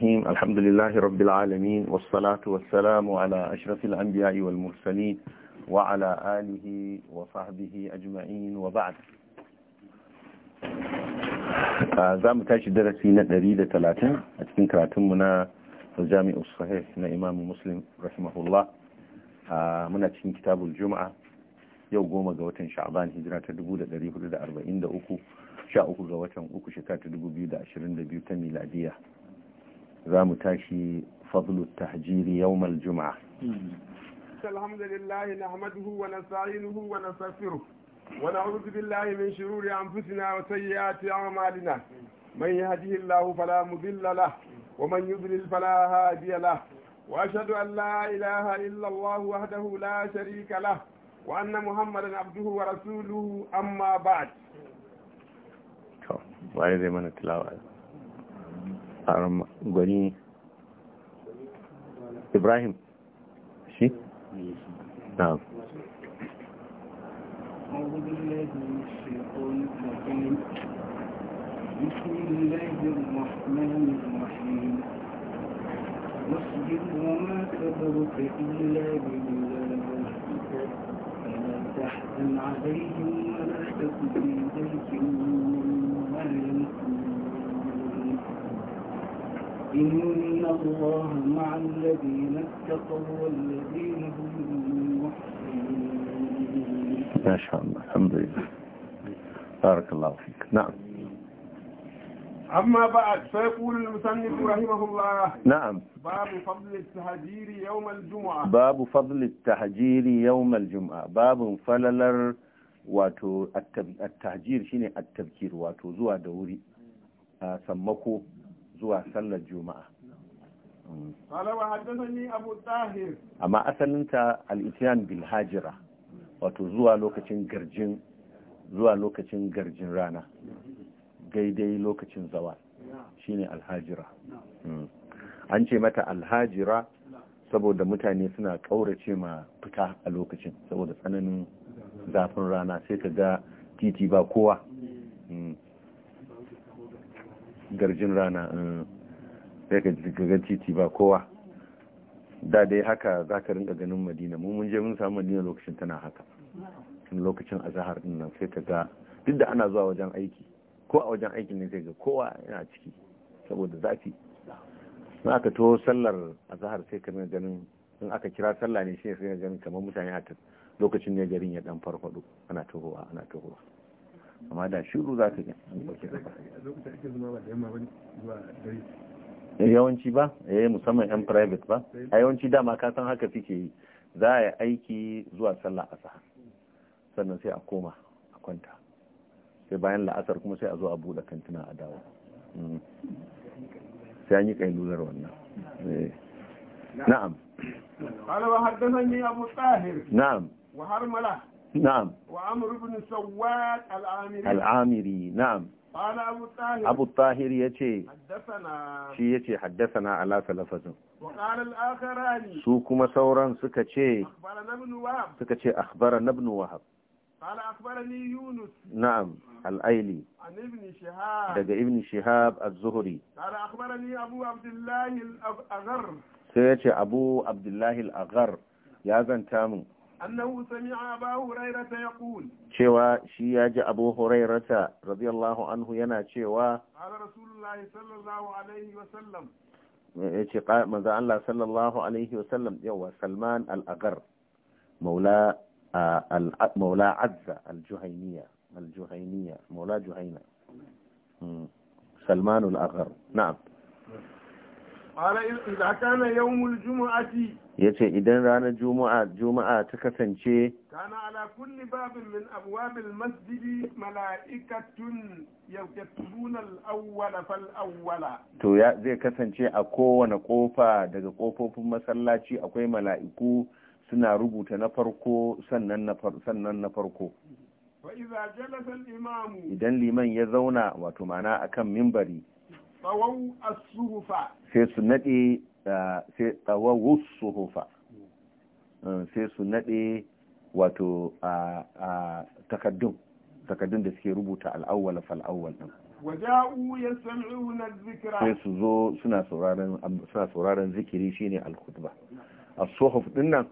الرحيم الحمد لله رب العالمين والصلاة والسلام على أشرف الأنبياء والمرسلين وعلى آله وصحبه أجمعين وبعد za mu tashi darasi na da 130 a cikin karatunmu na jami'u sahih na imam muslim rahimahullah muna cikin kitabul juma'a yau goma ga watan sha'ban hijira ta 1443 sha uku ga watan uku shekara ta 2022 ta miladiya za mu tashi fadlu tahjiri yawmal juma'a alhamdulillah nahmaduhu wa nasta'inuhu wa nastaghfiruh wa na'udhu billahi min shururi anfusina wa sayyiati a'malina man yahdihillahu fala mudilla lahu wa man yudlil fala hadiya wa ashhadu an la ilaha illa Allah wahdahu la sharika wa anna Muhammadan abduhu wa rasuluhu amma ba'd to wai zai mana tilawa gwani ibrahim shi? na بسم الله الرحمن الرحيم واصبر وما كبرك إلا بالله فلا تحزن عليهم ولا تكن في ذلك مما يمكن إن الله مع الذين اتقوا والذين هم محسنون ما شاء الله الحمد لله بارك الله فيك نعم أما بعد فيقول المسنف رحمه الله نعم باب فضل التهجير يوم الجمعة باب فضل التهجير يوم الجمعة باب فللر wato التهجير shine التبكير wato zuwa da wuri sammako zuwa sallar juma'a amma asalinta al-ityan bil hajira wato zuwa lokacin garjin zuwa lokacin garjin rana gaidai lokacin zawa shine alhajira hmm. an ce mata alhajira saboda mutane suna kaurace ma fita a lokacin saboda tsananin zafin rana sai ka ga titi ba kowa hmm. garjin rana sai ka gagan titi ba kowa da dai haka za ka rinka ganin madina mun je mun samu madina lokacin tana haka lokacin azahar din nan sai ka ga duk da ana zuwa wajen aiki ko a wajen aikin ne sai ga kowa yana ciki saboda zafi in aka to sallar azahar sai ka ganin in aka kira sallah ne shi ne sai ganin kamar mutane a lokacin ne garin ya dan farfado ana tohowa ana tohowa amma da shiru za ka yi eh, yawanci ba eh musamman yan private ba a yawanci dama ka san haka suke yi za a yi aiki zuwa sallah asa sannan sai a koma a kwanta sai bayan la'asar kuma sai a zo a buɗe kantina a dawo mm. sai an yi kailular wannan eh. na'am na'am وحدثني أبو نعم وعمر بن سواد العامري العامري نعم قال أبو الطاهر أبو الطاهر يتي حدثنا شي يتي حدثنا على ثلاثة وقال الآخران سوكما ثورا سكتي أخبرنا ابن وهب سكتي أخبرنا ابن وهب قال أخبرني يونس نعم الأيلي عن ابن شهاب دقى ابن شهاب الزهري قال أخبرني أبو عبد الله الأغر سيتي أبو عبد الله الأغر يا زنتامو أنه سمع أبا هريرة يقول شوى شياج أبو هريرة رضي الله عنه ينا شوى قال رسول الله صلى الله عليه وسلم ماذا الله صلى الله عليه وسلم يوى سلمان الأغر مولى آه، مولى عزة الجهينية الجهينية مولى جهينة سلمان الأغر نعم قال إذا كان يوم الجمعة ya ce idan ranar juma'a juma'a ta kasance kana ala kulli babin min abwabil masjidi mala'ikatun yaktubuna al-awwal fal awwala to ya zai kasance a kowane kofa daga kofofin masallaci akwai mala'iku suna rubuta na farko sannan na farko. sannan na farko idan liman ya zauna wato mana akan mimbari sai su nade sai tsawawus suhufa eh, sai su naɗe wato a takaddun takaddun da suke rubuta al'awwal fal'awwal din waja'u yasma'una dhikra sai su zo suna sauraron suna sauraron zikiri shine al-khutba as-suhuf nan,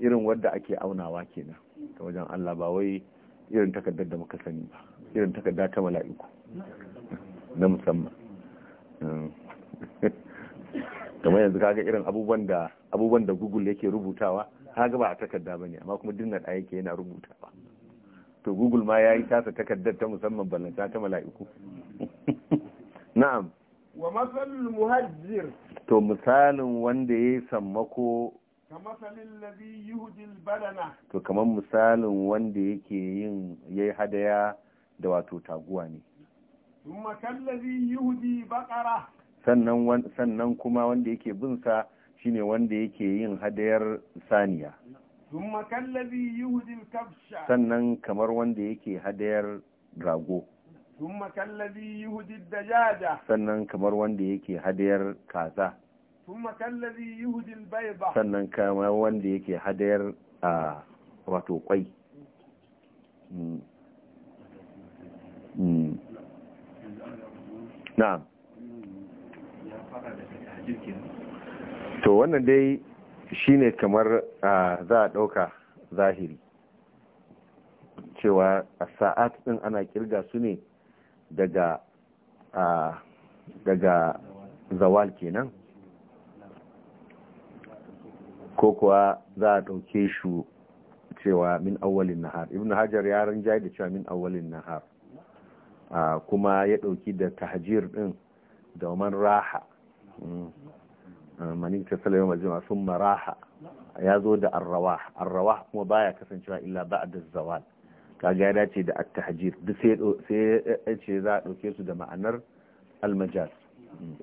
irin wanda ake aunawa kenan ta wajen Allah ba wai irin takaddar da muka sani ba irin takarda ta mala'iku na musamman eh. kamar yanzu kaga irin abubuwan da abubuwan da google yake rubutawa kaga ba a takarda bane amma kuma duk na yake yana rubutawa to google ma yayi tasa takardar ta musamman ballanta ta mala'iku na'am wa masalul muhajjir to misalin wanda yayi sammako kamasalin ladhi yuhdil badana to kamar misalin wanda yake yin yayi hadaya da wato taguwa ne thumma kallazi yuhdi baqara sannan kuma wanda yake bin sa shine wanda yake yin hadayar saniya sannan kamar wanda yake hadayar rago yuhdi dajaja sannan kamar wanda yake hadayar kaza yuhdi sannan kamar wanda yake hadayar a wato kwai hmm. Hmm. na'am to wannan dai shine kamar za a ɗauka zahiri cewa a sa'at ɗin ana kirga su ne daga zawal kenan ko kuwa za a ɗauke shi cewa min awalin nahar ibn hajar ya rinjaye da cewa min awalin nahar kuma ya ɗauki da tahajir ɗin da raha Mm. Ah, manin ta salaye sun maraha ya zo da arrawa arrawa kuma baya kasancewa illa da zawal kaga ya dace da at-tahjir duk sai ya ce za a dauke su da ma'anar al-majaz mm.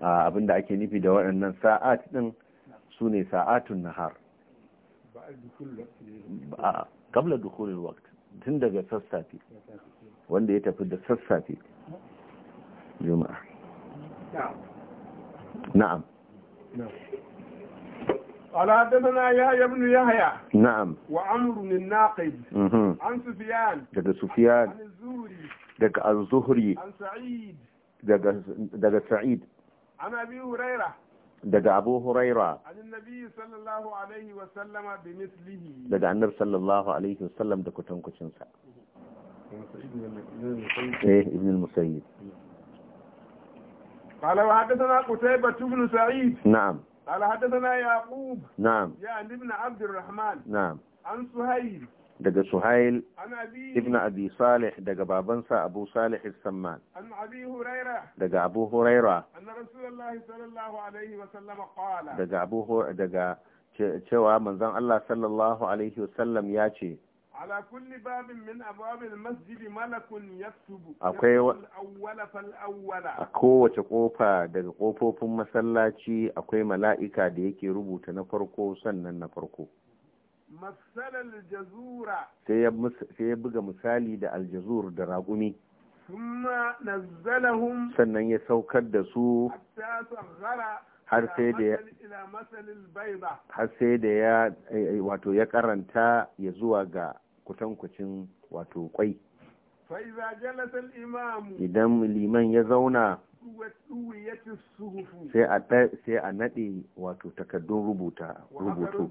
ah, abinda ake nufi da waɗannan sa'at din sune sa'atun nahar kabla dukhulil waqt tun daga sassafe wanda ya tafi da sassafe juma'a نعم قال حدثنا يحيى بن يحيى نعم وعمر بن الناقد عن سفيان دغ سفيان عن الزهري دغ الزهري عن سعيد دغ دغ سعيد عن ابي هريره daga abu huraira daga annar sallallahu alaihi wasallam da kutankucinsa eh ibn musayyib قال وحدثنا قتيبة بن سعيد نعم قال حدثنا يعقوب نعم يعني ابن عبد الرحمن نعم عن سهيل daga Suhail ibn Abi Salih daga babansa Abu Salih Samman daga Abu Huraira daga Abu daga cewa manzon Allah sallallahu alaihi wasallam ya ce A min باب daga kofofin masallaci akwai mala'ika da yake rubuta na farko sannan na farko masalar jazura sai ya buga misali da aljazur da ragumi sannan ya saukar da su har sai da da eh, eh, wato ya karanta ya zuwa ga kutankucin wato kwai idan liman ya zauna sai a naɗe wato takardun rubuta rubutu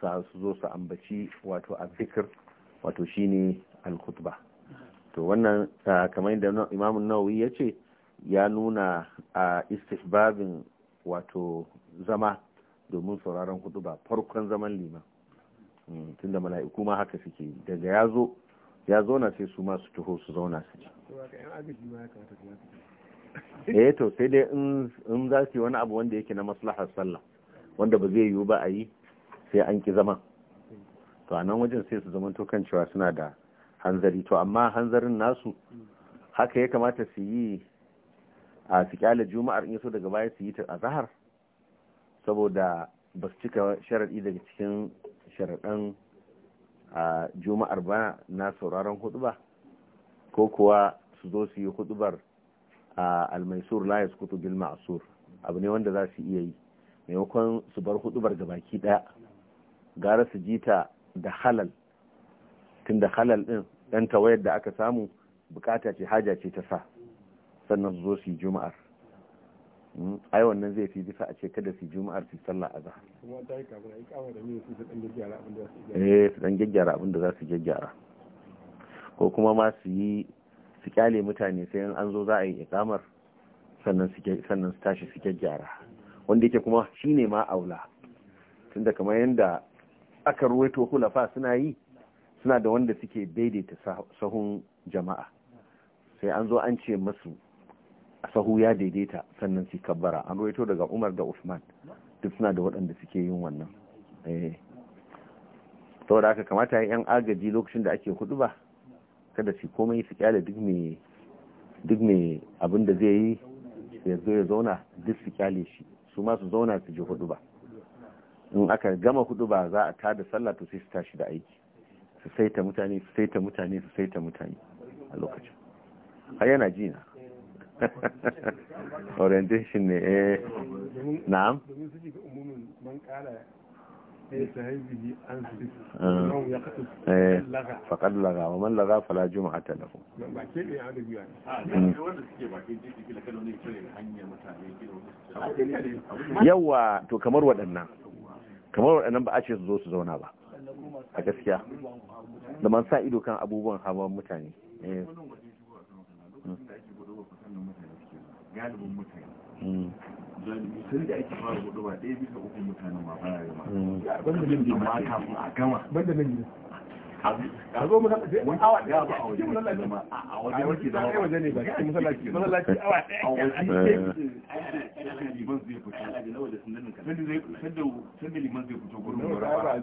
sa su zo su ambaci wato a zikir wato shine al-khutba to wannan kamar da imam nawawi ya ce ya nuna a istihbabin wato zama domin sauraron hudu ba farkon zaman liman Mm, tunda mala'iku ma haka suke yi daga ya zo ya zauna sai su ma su taho su zauna su ci eh to sai dai in za su yi wani abu wanda yake na maslahar sallah wanda ba zai yiwu ba a yi sai an ki zama to a nan wajen sai su zama to kan cewa suna da hanzari to amma hanzarin nasu haka ya kamata su yi a su kyale juma'ar in so daga baya su yi ta azahar saboda ba su cika sharaɗi daga cikin sharaɗan a juma'ar ba na sauraron huduba ko kuwa su zo su yi hudubar a almaisur la gilma bil ma'sur abu ne wanda za su iya yi maimakon su bar hudubar ga baki daya gara su ji ta da halal tun da halal din dan tawayar da aka samu bukata ce haja ce ta sa sannan su zo su yi juma'ar ai wannan zai fi bisa a ce kada su juma'ar su sallah a zahar eh su dan gyaggyara abin da za su gyaggyara ko kuma ma su yi su kyale mutane sai an zo za a yi ikamar sannan su tashi su gyaggyara wanda yake kuma shine ma aula tunda kamar yadda aka ruwaito hulafa suna yi suna da wanda suke daidaita sahun jama'a sai an zo an ce masu sahu ya daidaita sannan su kabbara an rawaito daga umar da usman duk suna da waɗanda suke yin wannan eh. saboda haka kamata yi yan agaji lokacin da ake hudu ba kada su komai su kyale duk mai abin da zai yi ya zo ya zauna duk su kyale shi su ma su zauna su ji hudu ba in aka gama hudu ba za a tada sallah to sai su tashi da aiki su saita mutane su saita mutane su saita mutane a lokacin har yana jina orientation ne eh na'am eh, faƙad laga wa man laga fala juma'a ta lafu hmm. yawa to kamar waɗannan kamar waɗannan ba a ce su zo su zauna ba a gaskiya da man sa ido kan abubuwan hawan mutane eh. galibin mutane sun da ake fara ne ba ɗaya bisa uku mutane ma fara yi ma banda nan gida amma kafin a gama banda ne ba. a a masallaci ne ba a waje masallaci ma a waje ne ba. a waje ne ba a masallaci masallaci ne ba. a waje liman zai fito sanda liman zai fito gurin gura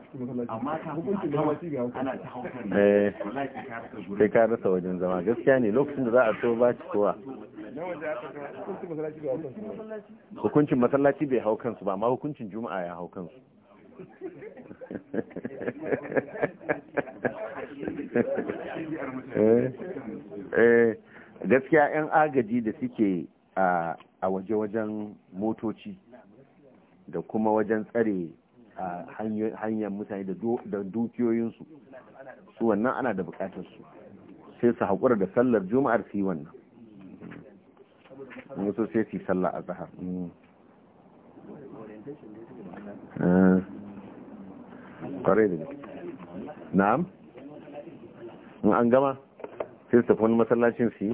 amma ka hukunci da wasi ga a ta haukar ne wallahi ka rasa gurin sai ka rasa wajen zama gaskiya ne lokacin da za a ne ba w hukuncin masallaci bai hau kansu ba amma hukuncin juma'a ya hau kansu eh, eh, gaskiya 'yan agaji da suke a waje-wajen motoci da kuma wajen tsare hanyar mutane da dukiyoyinsu su wannan ana da bukatarsu sai su haƙura da sallar juma'ar su yi wannan musu sai su sallah a zahar mm. eh. kwarai da na'am an gama sai su tafi wani masallacin su yi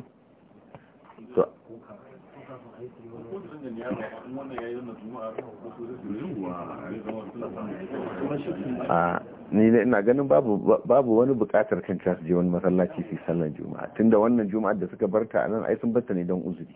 ni ne ina ganin babu wani bukatar kan ta je wani masallaci fi sallar juma'a tunda wannan juma'a da suka barta a ai sun barta ne don uzuri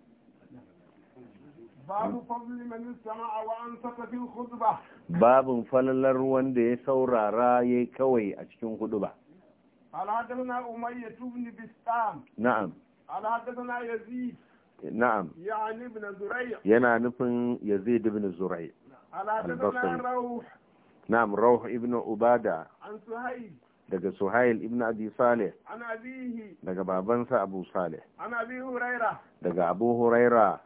babu fadli man sama'a wa ansata fil khutbah babun falalar wanda ya saurara yayi kawai a cikin khutba al hadathana umayyah ibn bistam na'am al hadathana yazid na'am yani ibn zuray' yana nufin yazid ibn zuray' al hadathana rawh na'am rawh ibn ubada an suhayb daga suhail ibn abi salih daga babansa abu salih an abi hurairah daga abu huraira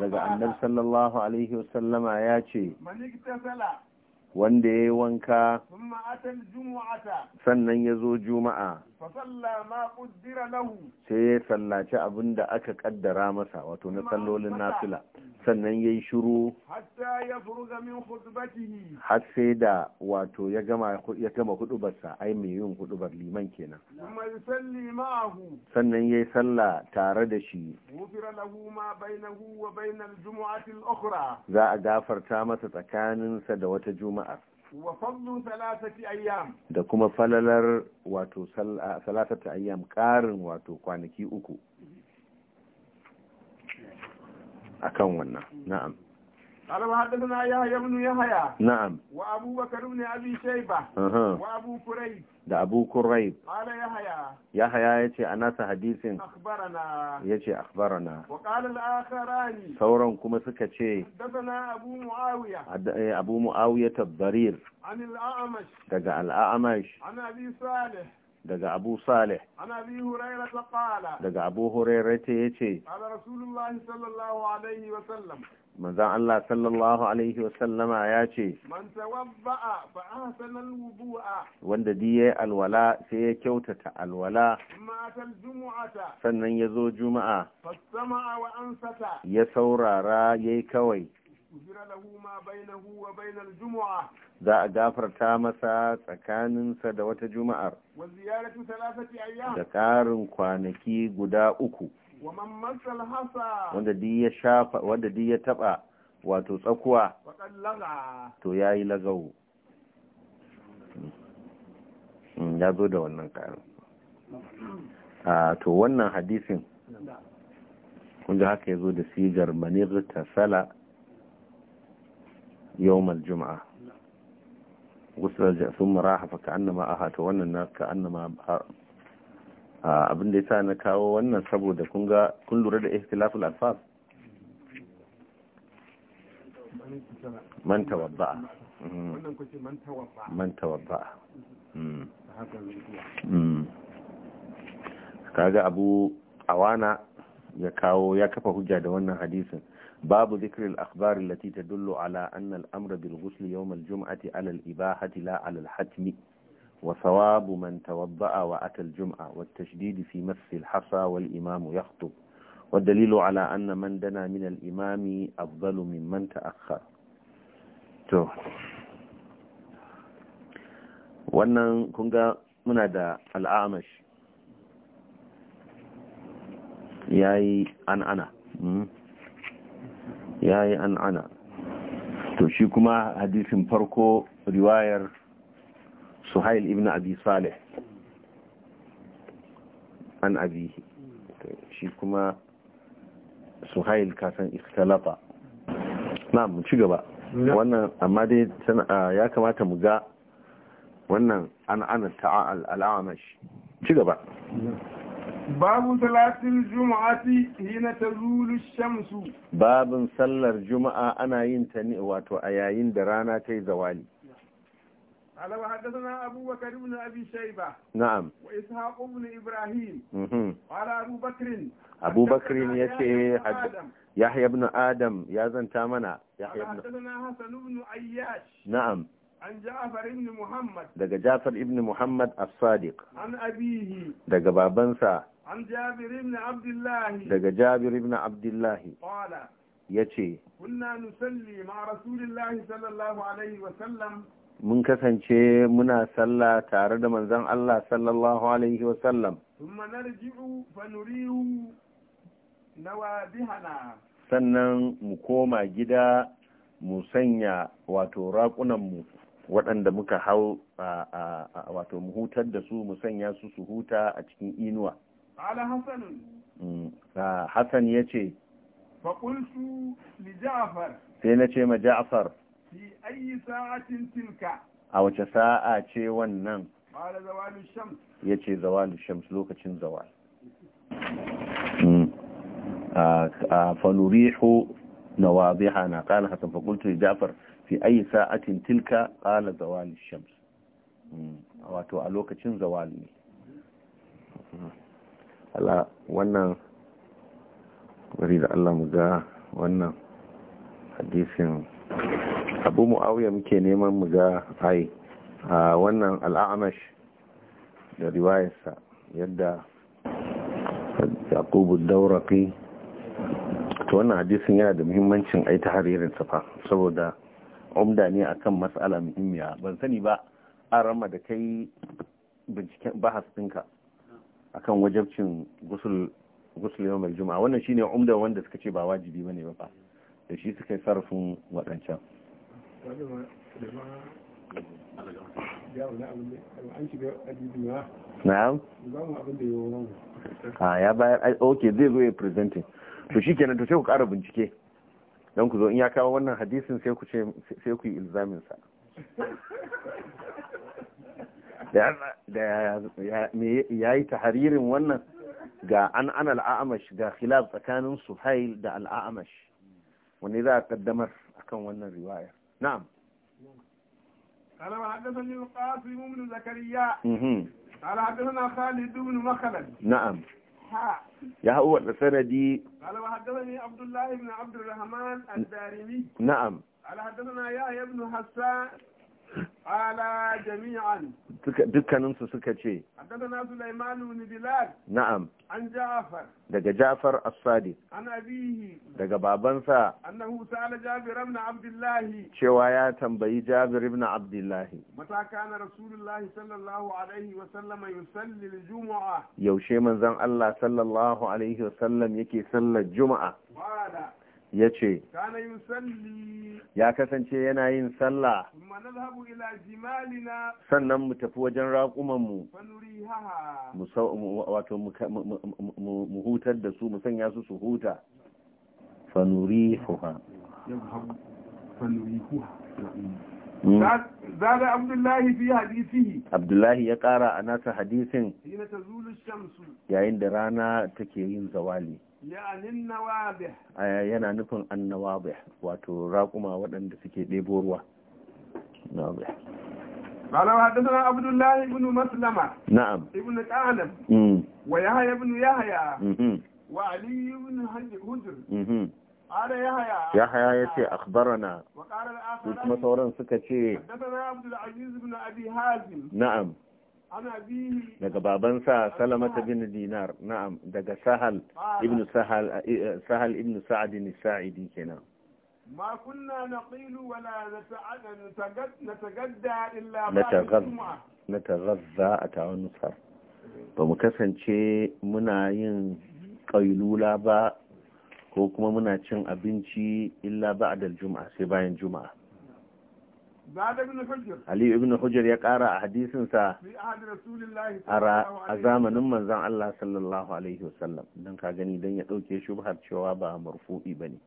daga annabi sallallahu alaihi wasallama ya ce wanda ya yi wanka sannan ya zo juma'a sai ya sallaci abin da aka kaddara masa wato na sallolin nafila sannan ya yi shiru har sai da wato ya gama hudubarsa ai mai yin hudubar liman kenan sannan ya yi sallah tare da shi za a gafarta masa tsakaninsa da wata juma'ar. da kuma falalar wato salatata ayyam karin wato kwanaki uku kan wannan na'am قال حدثنا يحيى بن يحيى نعم وابو بكر بن ابي شيبه وابو كريب da abu kurraib ya haya ya ce a nasa hadisin ya ce akbarana sauran kuma suka ce abu mu'awiya tabbarir eh, daga al'amash daga abu salih daga abu hurairata ya ce manzan Allah sallallahu Alaihi wasallama ya ce, Wanda diye alwala sai ya kyautata alwala, sannan ya zo juma'a, ya saurara ya yi kawai. Za a gafarta masa tsakaninsa da wata juma'ar, da ƙarin kwanaki guda uku. wanda duk ya taba wato tsakuwa to ya yi lagawo mm, ya zo da wannan karin a ah, to wannan hadisin wanda haka ya zo da sigar manir yau yawmal juma'a gusar jasun mara hafa ka annama aha to wannan na ka annama abin da sa na kawo wannan saboda kun lura da ikhtilaful alfaz Manta tawadda mm-hmm. wannan kuce mm-hmm. kaga mm-hmm. abu awana ya kawo ya kafa hujja da wannan hadisin babu zikirin akhbar ta tadullu ala annal amra bil gusli yawm al-jum'ati ala ibahati la alal hatmi وثواب من توضأ وأتى الجمعة والتشديد في مس الحصى والإمام يخطب والدليل على أن من دنا من الإمام أفضل من من تأخر to wannan kunga muna da al'amash ya yi an'ana ya yi an'ana to shi kuma hadisin farko suhail ibn abi salih an abihi shi kuma suhail kasan ikhtalata na mu ci gaba wannan amma dai ya kamata mu ga wannan an ana al'amash ci gaba babu salatin juma'ati hina tazulu shamsu Babu sallar juma'a ana yin ta ne wato a yayin da rana ta yi zawali قال وحدثنا أبو بكر بن أبي شيبة نعم وإسحاق بن إبراهيم قال أبو بكر أبو بكر يشي يحيى بن آدم يا زن تامنا يحيى بن حدثنا حسن بن عياش نعم عن جعفر بن محمد دقى جعفر بن محمد الصادق عن أبيه دقى بابنسا عن جابر بن عبد الله دقى جابر بن عبد الله قال يشي كنا نصلي مع رسول الله صلى الله عليه وسلم mun kasance muna sallah tare da manzon Allah sallallahu alaihi wa sallam sannan mu koma gida mu sanya wato raƙunanmu waɗanda muka hau wato mu hutar da su mu sanya su su huta a cikin inuwa mm, Hassan ya ce sai na ce ma Ja'far fi ayi sa'atin tilka a wace sa'a ce wannan bala zawalu shams yace zawalu shams lokacin zawal hmm. a fanurihu na wadiha na kala hasan fakultu jafar fi ayi sa'atin tilka bala zawalu shams hmm. wato a lokacin zawal ne Allah wannan bari da Allah mu ga wannan hadisin abu mu'awiyar muke neman mu ga ai a wannan al'amash da riwayarsa yadda yakubu daurafi ta wannan hadisin yana da muhimmancin ai ta haririn safa saboda umda ne a akan matsala muhimmiya ban sani ba an rama da kai binciken bahas a kan wajabcin gusul gusul mai juma'a wannan shine umda wanda suka ce ba wajibi ne ba da shi suka yi sarrafin waɗancan na'am ah, ya bayar ok zai zo ya presenting to shi kenan to sai ku kara bincike don ku zo in ya kawo wannan hadisin sai ku ce sai ku yi ilzamin sa da ya yi haririn wannan ga an an al'amash ga khilaf tsakanin suhail da al'amash wani za a kaddamar akan wannan riwayar نعم قال وحدثني القاسم بن زكريا قال حدثنا خالد بن مخلد نعم يا هو السندي قال وحدثني عبد الله بن عبد الرحمن الدارمي نعم قال حدثنا يا بن حسان ala jami'an dukkaninsu suka ce haddathana sulaimanu ni, bilal na'am an ja'far daga ja'far as-sadiq an abihi daga babansa annahu sa'ala jabir ibn abdullah cewa ya tambayi jabir ibn abdullah Mataka na rasulullah sallallahu alaihi wa sallam yusalli al-jumu'ah yaushe manzon Allah sallallahu alaihi wa sallam yake sallar juma'a ya ce ya kasance yana yin sallah sannan mu tafi wajen raƙumanmu wato mu hutar da su mu sanya su su huta fanuri huha hmm. zaga abdullahi fi hadisihi abdullahi ya ƙara a nasa hadisin yayin da rana take yin zawali yana nufin annawabi wato raƙuma waɗanda suke ɗebo ruwa قال وحدثنا عبد الله بن مسلمة نعم ابن قالم ويحيى بن يحيى وعلي بن هجر قال يحيى يحيى يتي أخبرنا وقال الآخرين ثم سورا سكتي حدثنا عبد العزيز بن أبي هازم نعم daga babansa salamata bin dinar na'am daga sahal ibn sahal eh, eh, sahal ibn sa'ad sa'idi kenan ما كنا نقيل ولا نتغدى إلا نتغذى نتغذى أتعون نصر بمكسن شيء منا ko kuma muna cin abinci illa ba'dal juma'a sai bayan juma'a Ali ibn hujar ya ƙara a hadisinsa a zamanin manzan Allah sallallahu Alaihi wasallam don ka gani don ya ɗauke shubhar cewa ba marfuɗi ba ne.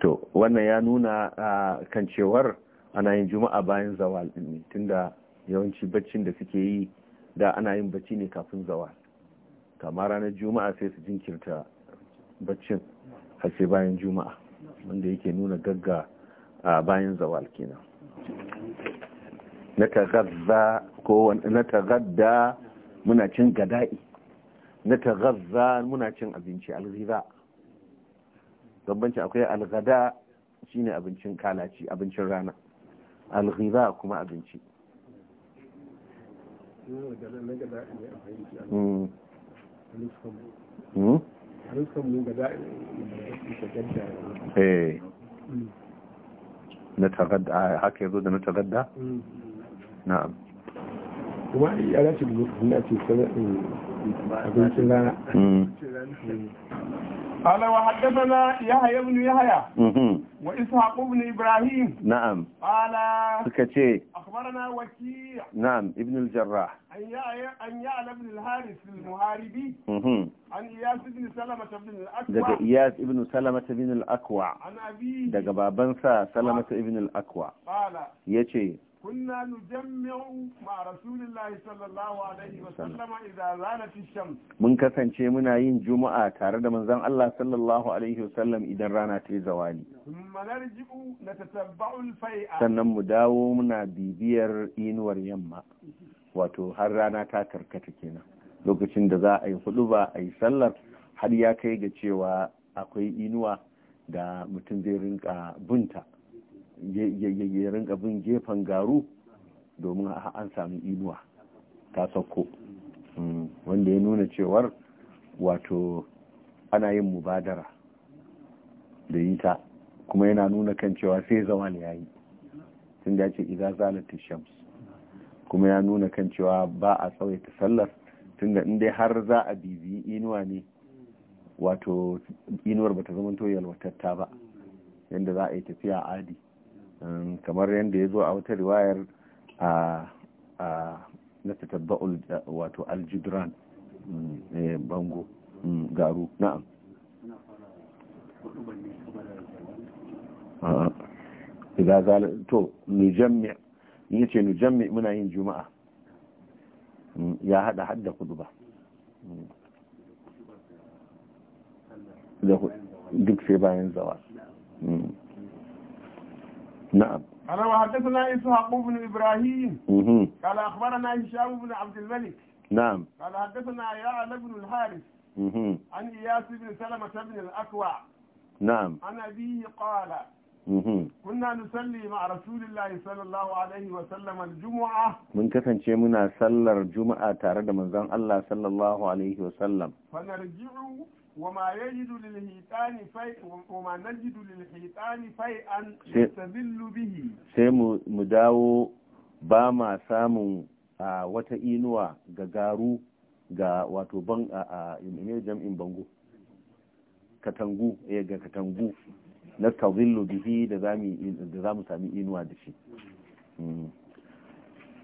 To, wannan ya nuna kan cewar ana yin juma'a bayan zawal ne tunda yawanci baccin da suke yi da ana yin bacci ne kafin zawal. Kama ranar juma'a sai su jinkirta baccin har sai bayan juma'a wanda yake nuna gagga bayan zawal kenan. na tagazza ko na muna cin gada'i na tagazza muna cin abinci alghiza bambanci akwai algada shine abincin kalaci abincin rana alghiza kuma abinci Hmm. hmm? Eh. hmm. na tagadda haka yazo da na tagadda mm. na'am kuma ya dace da na ce abincin rana mm. Mm. قال وحدثنا يحيى بن يحيى وإسحاق بن إبراهيم نعم قال سكتي أخبرنا وكيع نعم ابن الجراح أن يعلى بن الحارث المهاربي عن إياس بن سلمة بن الأكوع دقى إياس بن سلمة بن الأكوع عن أبيه دقى بابنسى سلمة بن الأكوع قال يتي كنا نجمع مع رسول الله صلى الله عليه وسلم إذا زالت الشمس من كسن شيء من أين جمعة تارد من زم الله صلى الله عليه وسلم إذا رانا في زوالي ثم نرجع نتتبع الفيئة سنم مداو من بيبير إين وريما wato har rana ta karkata kenan lokacin da za a yi hudu ba a yi sallar har ya kai ga cewa akwai inuwa da mutum zai rinka bunta ya abin gefen garu domin an sami inuwa ta sauko mm, wanda ya nuna cewar wato ana yin mubadara da yi ta kuma yana nuna kan cewa sai zama ne ya yi tun da ce idan zana shams kuma ya nuna kan cewa ba a ta sallar tun da inda har za a bibiyi inuwa ne wato inuwar ba bata zama to yalwatatta ba yadda za a yi tafiya adi kamar yadda ya zo a wata riwayar a na tatabba'ul wato aljidran mm, eh, bango mm, garu na'am zala to nujammi yin ce nujammi muna yin juma'a mm, ya hada hadda kudu ba duk sai bayan zawa نعم قال وحدثنا إسحاق بن إبراهيم قال أخبرنا هشام بن عبد الملك نعم قال حدثنا يعلى بن الحارث عن إياس بن سلمة بن الأكوع نعم عن أبيه قال kunna nusalli ma rasulillahi sallallahu alaihi wa sallam aljum'a mun kasance muna sallar juma'a tare da manzon Allah sallallahu alaihi wa sallam fa narji'u وما يجد للحيطان في وما نجد للحيطان فيئا يستذل به sai mu dawo ba ma samun wata inuwa ga garu ga wato ban a jam'in bango katangu eh katangu na da sami inuwa da shi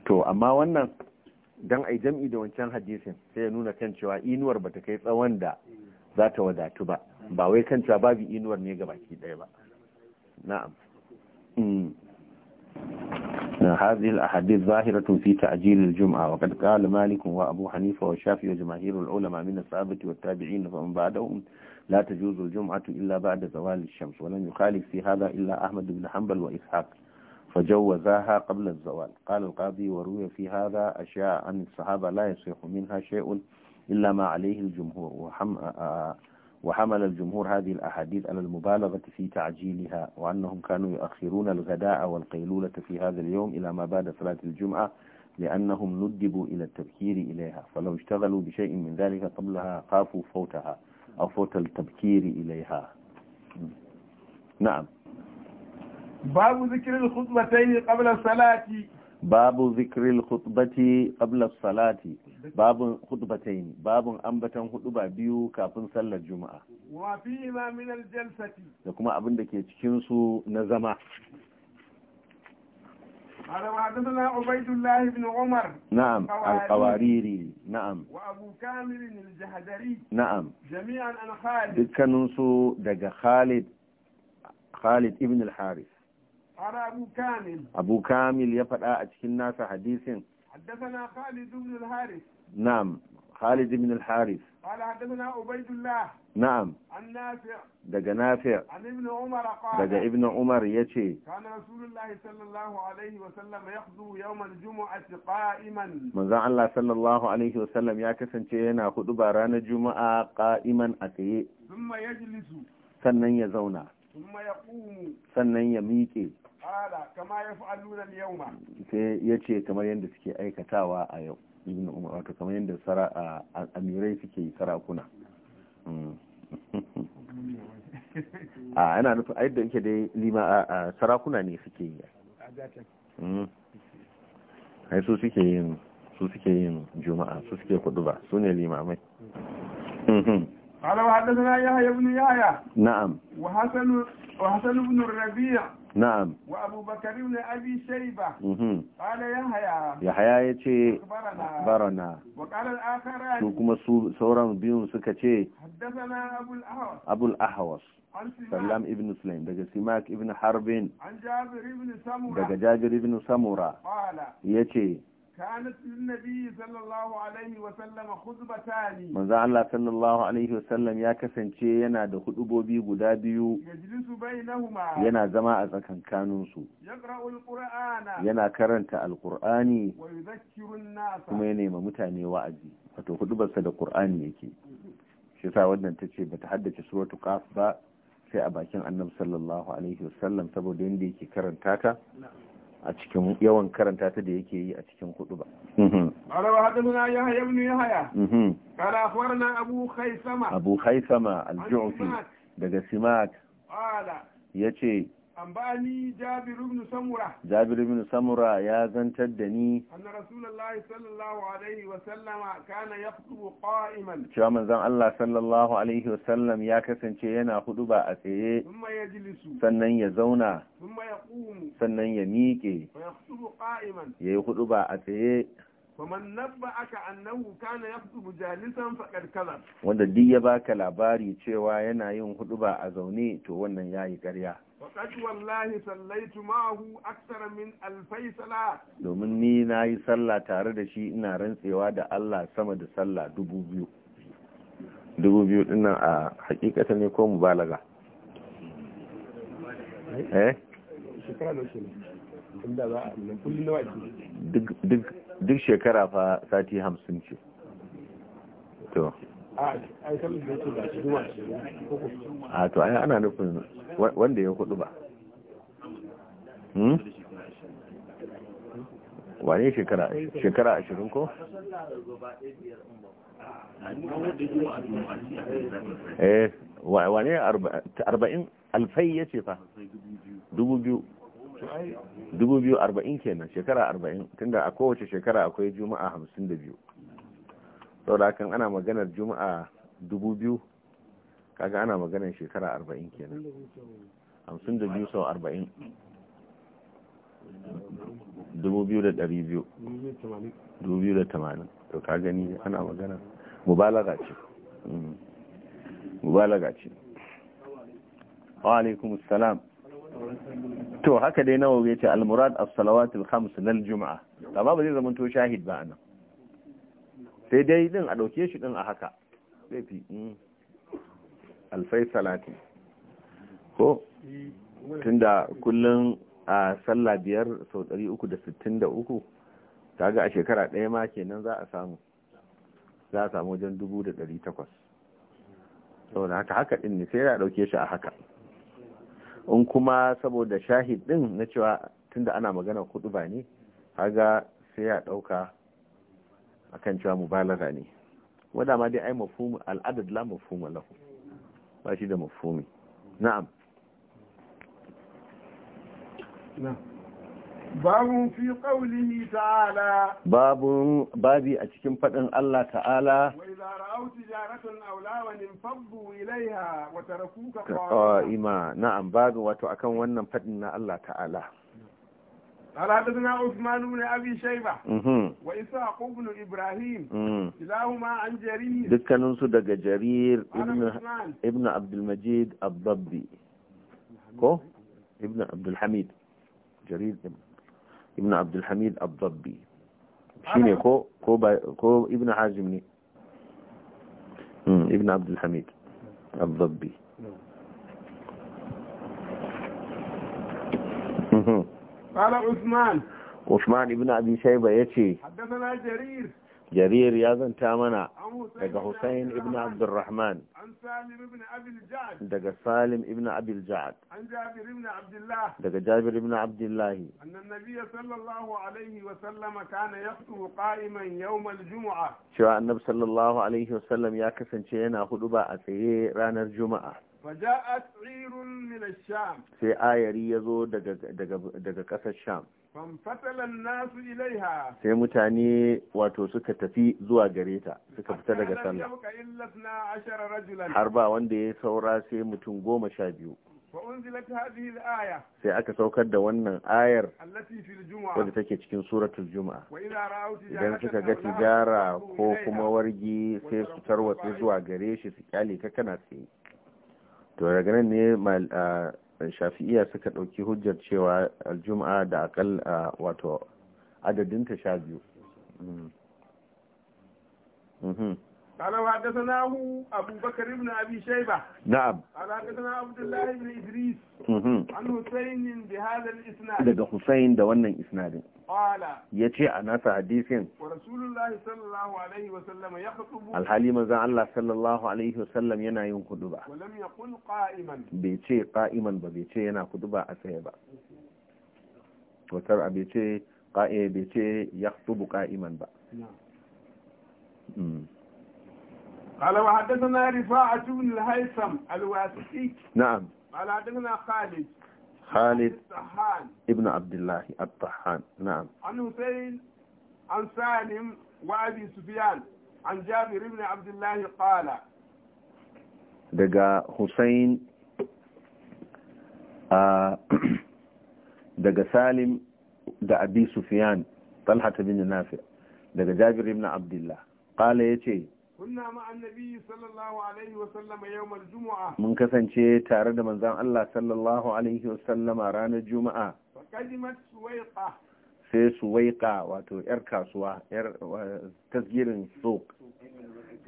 to amma wannan dan ai jam'i da wancan hadisin sai ya nuna kan cewa inuwar bata kai tsawon da za ta wadatu ba ba wai kan cewa babu inuwar ne gabaki ɗaya ba na'am هذه الأحاديث ظاهرة في تعجيل الجمعة وقد قال مالك وأبو حنيفة والشافعي وجماهير العلماء من الصحابة والتابعين فمن بعدهم لا تجوز الجمعة إلا بعد زوال الشمس ولم يخالف في هذا إلا أحمد بن حنبل وإسحاق فجوزاها قبل الزوال قال القاضي وروي في هذا أشياء عن الصحابة لا يصح منها شيء إلا ما عليه الجمهور آه، آه، وحمل الجمهور هذه الأحاديث على المبالغة في تعجيلها وأنهم كانوا يؤخرون الغداء والقيلولة في هذا اليوم إلى ما بعد صلاة الجمعة لأنهم ندبوا إلى التبكير إليها فلو اشتغلوا بشيء من ذلك قبلها خافوا فوتها أو فوت التبكير إليها نعم باب ذكر الخطبتين قبل الصلاة babu zikril khutbati qabla salati babu khutbatayn babun ambatan huduba biyu kafin sallar juma'a wa fi ma min al jalsati da kuma abin da ke cikin su na zama حدثنا عبيد الله بن عمر نعم القواريري نعم وابو كامل الجهدري نعم جميعا عن خالد كانوا خالد خالد ابن الحارث Abu Kamil. Abu Kamil ya faɗa a cikin nasa hadisin. Haddasana Khalid ibn al-Haris. Na'am, Na'am. daga Nafi' an daga Ibn Umar yace kana Rasulullahi sallallahu Allah sallallahu alaihi wa ya kasance yana hudu ba ranar Juma'a qa'iman a sannan ya zauna. Thumma sannan ya miƙe. ta'ala kama ya yaf'aluna yau ma. sai ya ce kamar yadda suke aikatawa a yau ibn umar wato kamar yadda sara amirai suke yi sarakuna mm. a yana nufin a yadda yake dai lima a sarakuna ne suke yi mm. a su suke yin su suke yin juma'a su suke kudu ba su ne limamai قال وحدثنا يحيى بن يحيى نعم وحسن وحسن بن الربيع na'am wa abubakar ibn abi shayba yahya yace barana wa qala su kuma sauran biyun suka ce haddathana abul ahwas abul ahwas daga simak ibn harbin daga jabir ibn samura yace كانت للنبي صلى الله عليه وسلم خطبتان من ذا الله صلى الله عليه وسلم يا كسنشي ينا ده خطبوبي غدا بيو يجلس بينهما ينا زما اتسكن كانونسو ينا كرنت ويذكر الناس kuma ya nema mutane wa'azi wato hudubarsa da qur'ani yake shi sa wannan tace bata haddace suratu qaf ba sai a bakin annabi sallallahu alaihi wasallam saboda yadda yake karanta ta a cikin yawan karanta ta da yake yi a cikin kudu ba. haɗin hadduna ya haya ibn Yahya. Kala na Abu Khaisama. Abu Khaisama al-Ju'fi daga Simak. ya ce. Ambani Jabir ibn Samura. Jabir Samura ya zantar da ni. Anna Rasulullah sallallahu alaihi wa sallam kana yaqtubu qa'iman. Cewa manzon Allah sallallahu alaihi wa sallam ya kasance yana hudu ba a ya Sannan ya zauna. Sannan ya miƙe. Ya Yayi hudu ba a tsaye. faman nabba aka annahu kana yaqdu jalisan faqad kaza wanda duk ya baka labari cewa yana yin huduba a zaune to wannan yayi ƙarya faqad wallahi sallaitu ma'ahu akthar min alfay domin ni nayi sallah tare da shi ina rantsewa da Allah sama da sallah dubu biyu dubu biyu dinnan a hakikata ne ko mubalaga eh shekara nawa duk duk duk shekara fa sati hamsin ce to a to ai ana nufin wanda ya kudu ba hmm? wane shekara shekara ashirin ko? eh wane arba'in alfai ya ce fa dubu biyu dubu biyu arba'in kenan shekara arba'in tunda a kowace shekara akwai juma'a hamsin da biyu saboda hakan ana maganar juma'a dubu biyu kaga ana maganar shekara arba'in kenan hamsin da biyu sau arba'in dubu biyu da ɗari biyu dubu biyu da tamanin to ka gani ana magana mubalaga ce mm. mubalaga ce wa alaikum salam to haka dai nawa ya ce almurad as-salawatul khams nan juma'a amma ba zai zama to shahid ba anan sai dai din a dauke shi din a haka sai fi mm, alfai salati ko tunda kullun a sallah biyar sau 363 kaga a shekara ɗaya ma kenan za a samu za a samu wajen 1800 saboda haka haka din ne sai ya ɗauke shi a haka in kuma saboda shahid din na cewa tunda ana magana kudu ba ne haga sai ya dauka akan cewa mubalaga ne wadda ma dai ai mafhumu al'adad la mafhuma lahu ba shi da mafhumi na'am na'am babun fi qawlihi ta'ala babun babi a cikin faɗin Allah ta'ala wa idza ra'aw tijaratan aw lawanin faddu ilayha wa tarakuka qa'ima na'am babu wato akan wannan faɗin na Allah ta'ala قال حدثنا عثمان بن ابي شيبه واسحاق بن ابراهيم كلاهما عن جرير دكانون سو جرير ابن ابن عبد المجيد الضبي كو ابن عبد الحميد جرير ابن ibn abdulhamid abdabbi ah, shi ne ko ibn hajim ne hmm, ibn abdulhamid abdabbi قال عثمان عثمان ابن أبي شيبة يتي حدثنا جرير jarir ya zanta mana daga Hussein ibn Abdurrahman daga Salim ibn Abil daga Jabir ibn Abdullah cewa annabi sallallahu alaihi wasallam ya kasance yana hudu ba a tsaye ranar juma'a sai ayari ya zo daga ƙasar sham sai mutane wato suka tafi zuwa gare ta suka fita daga sallah har ba wanda ya saura sai mutum goma sha biyu sai aka saukar da wannan ayar wadda take cikin suratul juma'a idan suka ga tijara ko kuma wargi sai su tarwatsa zuwa gare shi su kyale ka kana tsaye to daga nan ne ah, shafi'iya suka ɗauki hujjar cewa aljum'a da akal wato adadin ta sha biyu قال وحدثناه أبو بكر بن أبي شيبة نعم قال حدثنا عبد الله بن إدريس عن حسين بهذا الإسناد لدى حسين دوانا إسناد ya ce a nasa hadisin alhali manzan Allah sallallahu alaihi wasallam yana yin kudu ba bai ce ƙa'iman ba bai ce yana kudu ba a tsaye ba a bai ce bai ce ya tubu ƙa'iman ba قال وحدثنا رفاعة بن الهيثم الواسطي نعم قال حدثنا خالد خالد ابن عبد الله الطحان نعم عن حسين عن سالم وابي سفيان عن جابر بن عبد الله قال دقا حسين سالم دا da سفيان sufyan بن نافع nafi جابر jabir عبد الله قال يتي kunna ma sallallahu alaihi wa yawmal jumu'a mun kasance tare da manzon Allah sallallahu alaihi wasallama ranar juma'a kalimat suwaiqa sai suwaiqa wato yar kasuwa yar tasgirin suq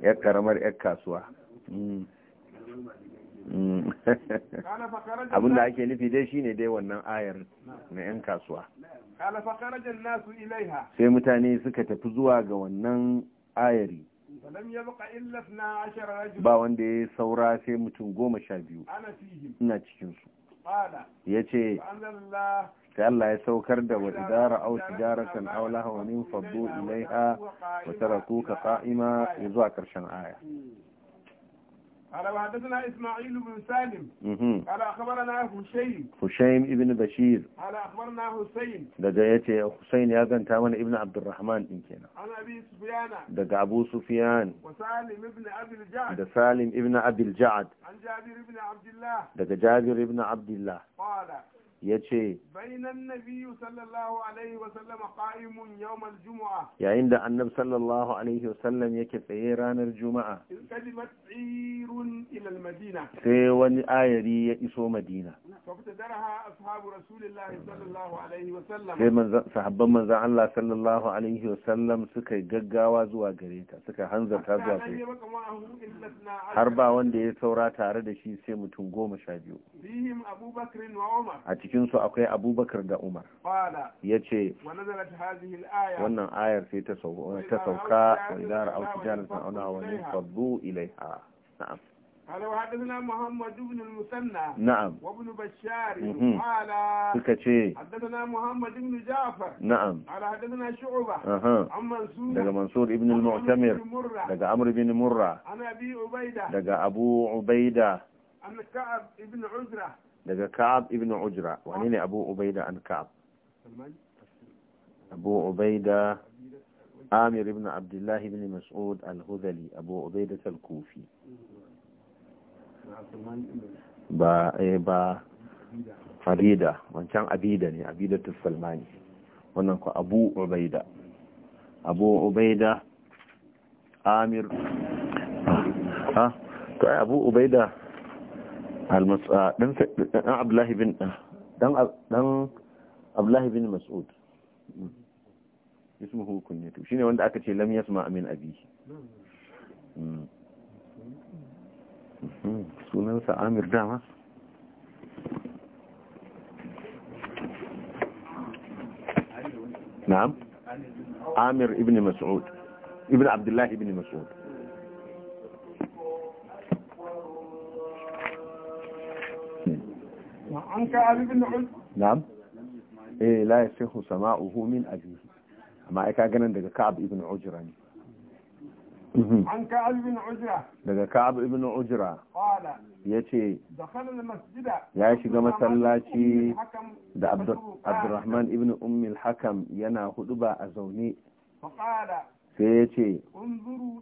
yar karamar yar kasuwa abin da ake nufi dai shine dai wannan ayar na 'yan kasuwa sai mutane suka tafi zuwa ga wannan ayari ba wanda ya saura sai mutum goma sha biyu ina cikinsu ya ce sai Allah ya saukar da wa idara au tijaratan aw lahawanin faddu ilaiha wa tarakuka ya zuwa karshen aya hmm. قال وحدثنا إسماعيل بن سالم قال أخبرنا هشيم هشيم ابن بشير قال أخبرنا حسين لدى حسين يا كان تامن ابن عبد الرحمن إن كان عن أبي سفيان لدى أبو سفيان وسالم ابن أبي الجعد لدى سالم ابن أبي الجعد عن جابر ابن عبد الله لدى جابر ابن عبد الله قال ya ce yayin da annab sallallahu alaihi wasallam yake tsaye ranar juma'a sai wani ayari ya iso madina sai sahabban manzan Allah sallallahu alaihi wasallam suka yi gaggawa zuwa gare ta suka hanzarta zuwa gare har ba wanda ya saura tare da shi sai mutum goma sha biyu a cikin cikinsu akwai abubakar da umar ya ce wannan ayar sai ta sauka wa idar auki jihar san auna wani fardu ilaiha na'am Alau mhm. ce. Haɗin Na'am. na Shu'ba. Aha. An Mansur. Daga Mansur ibn al Daga Amr Murra. An Abi Ubaida. Daga Abu Ka'ab ibn Uzra. لقى كعب ابن عجرة وعنين أبو عبيدة عن كعب أبو عبيدة آمر ابن عبد الله بن مسعود الهذلي أبو عبيدة الكوفي با إيه با فريدة من كان عبيدة يعني عبيدة السلماني ونكو أبو عبيدة أبو عبيدة آمر ها أبو عبيدة Ah, dan abdullahi bin ah, dan abdullahi bin mas'ud ismuhu kunyatu shine wanda aka ce lam yasma min abihi hmm. Hmm. sunansa amir dama na'am amir ibn mas'ud ibn abdullahi ibn mas'ud عن كعب eh, daga Ka'ab ibn Ujra ne mhm. an ya shiga masallaci da Abdurrahman ibn Ummi al-Hakam yana huduba a zaune sai yace unzuru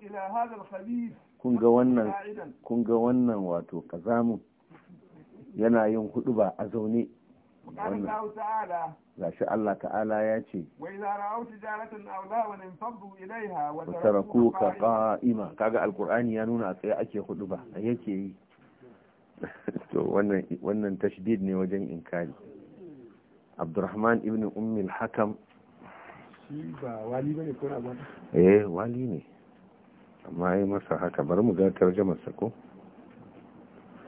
kun ga wannan wato kazamu yana yin hudu ba a zaune gashi Allah ta'ala ya ce tsaraku ka ka'ima kaga alkur'ani ya nuna a tsaye ake hudu ba a yake yi to wannan tashdid ne wajen inkari abdurrahman ibn ummil hakam eh wali ne amma yi masa haka bari mu ga tarjamarsa ko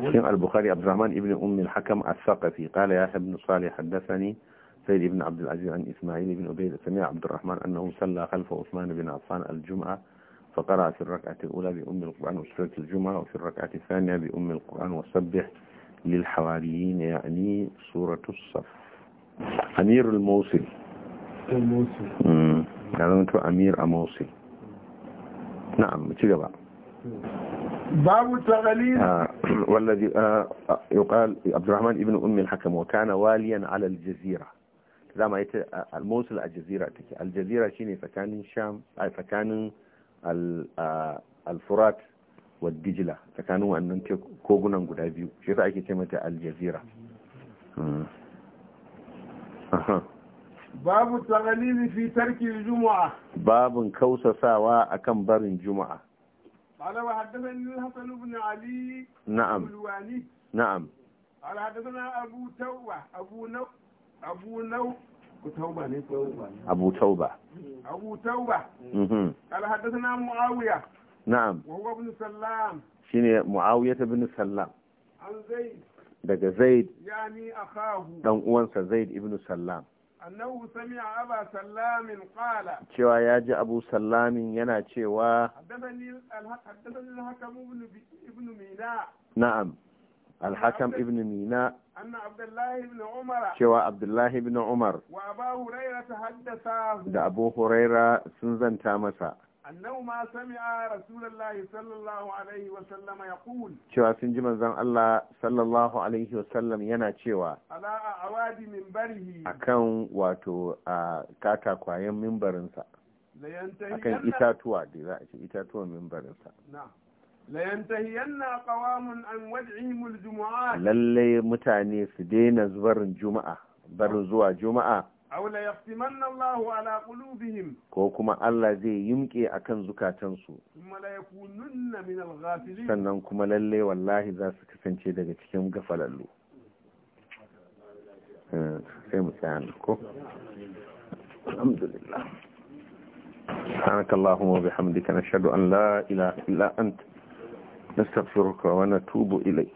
شيخ البخاري عبد الرحمن ابن أم الحكم الثقفي قال يا ابن صالح حدثني سيد ابن عبد العزيز عن إسماعيل بن أبي سمع عبد الرحمن أنه صلى خلف عثمان بن عفان الجمعة فقرأ في الركعة الأولى بأم القرآن وسورة الجمعة وفي الركعة الثانية بأم القرآن وسبح للحواريين يعني سورة الصف أمير الموصل الموصل امم يعني أمير الموصل نعم تجي بقى باب التغليل والذي يقال عبد الرحمن ابن أم الحكم وكان واليا على الجزيرة za ma ita al-mosul a jazira al-jazira shine tsakanin al-furat wa dijla tsakanin wannan kogunan guda biyu shi ake ce mata al-jazira babu tsagalili fi tarki juma'a babun kausasawa akan barin juma'a قال وحدثني الحسن بن علي نعم الواني نعم قال حدثنا أبو توبة أبو نو أبو نو توبة أبو توبة أبو توبة قال حدثنا معاوية نعم وهو ابن سلام شنو معاوية بن سلام عن زيد daga zaid yani akahu dan uwansa zaid ibn sallam annahu sami'a aba sallamin cewa ya ji abu sallamin yana cewa haddathani al-hakam ibn mina na'am al-hakam ibn mina anna abdullahi ibn umar cewa abdullahi ibn umar wa abu da abu hurairah sun zanta masa annahu ma sami'a rasulullahi sallallahu alaihi wa sallama yaqul cewa sun ji manzon Allah sallallahu alaihi wa sallam yana cewa ala awadi minbarihi akan wato a katakwayen mimbarinsa akan itatuwa da za a ce itatuwan mimbarinsa na'am layantahiyanna qawamun an wad'ihim aljumu'at lalle mutane su daina zubarin juma'a barin zuwa juma'a aula yaqtimanna Allahu ala qulubihim ko kuma Allah zai yimke akan zukatansu kuma la yakununna min al-ghafilin sannan kuma lalle wallahi za su kasance daga cikin gafalallu eh, sai mu tsaya ko alhamdulillah سبحانك اللهم وبحمدك نشهد أن لا إله إلا أنت نستغفرك ونتوب إليك